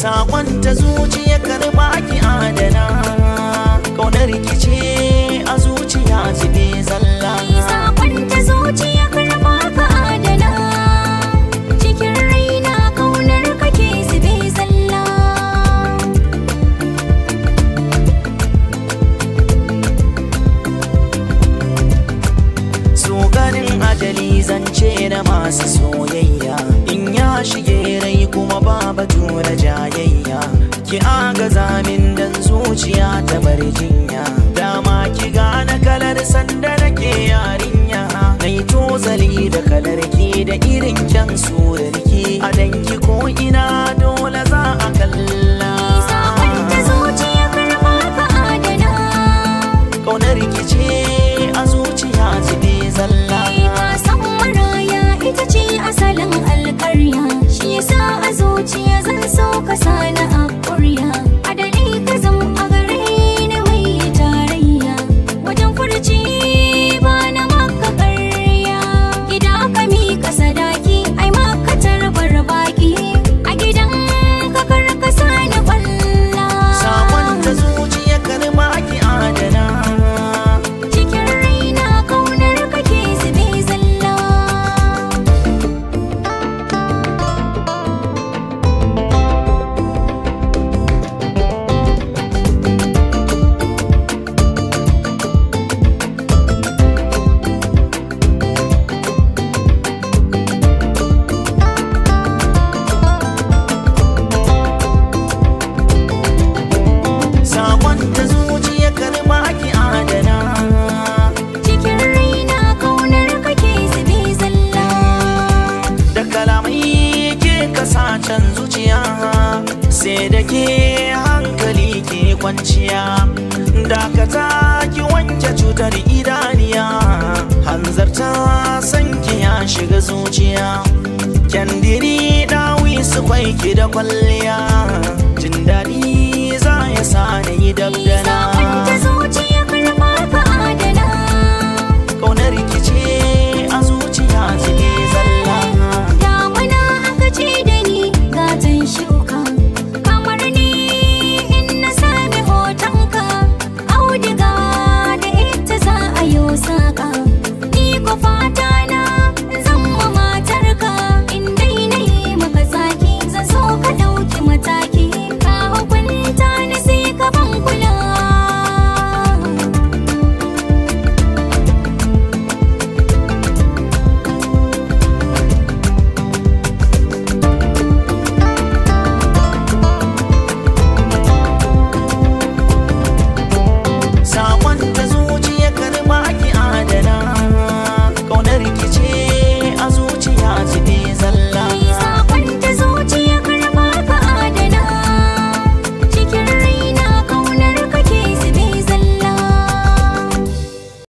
sakon ta zuciya karba ki adana ƙaunar ce a zuciya zube zalla sakon ta zuciya karba ka adana cikin raina ƙaunar kake zube zalla so garin ajali zance na masu soyayya in ya shige rai jayayya ki aga min dan zuciya ta bar jinya dama ki gane kalar sanda nake yarinya nai tozali da kalar ki da irin kyan sura sana ang ka sa zuciya sai da ke hankali ke kwanciya dakata ki wanke cutar idaniya hanzarta san ki ya shiga zuciya kyandiri dawi su kwaiki da kwalliya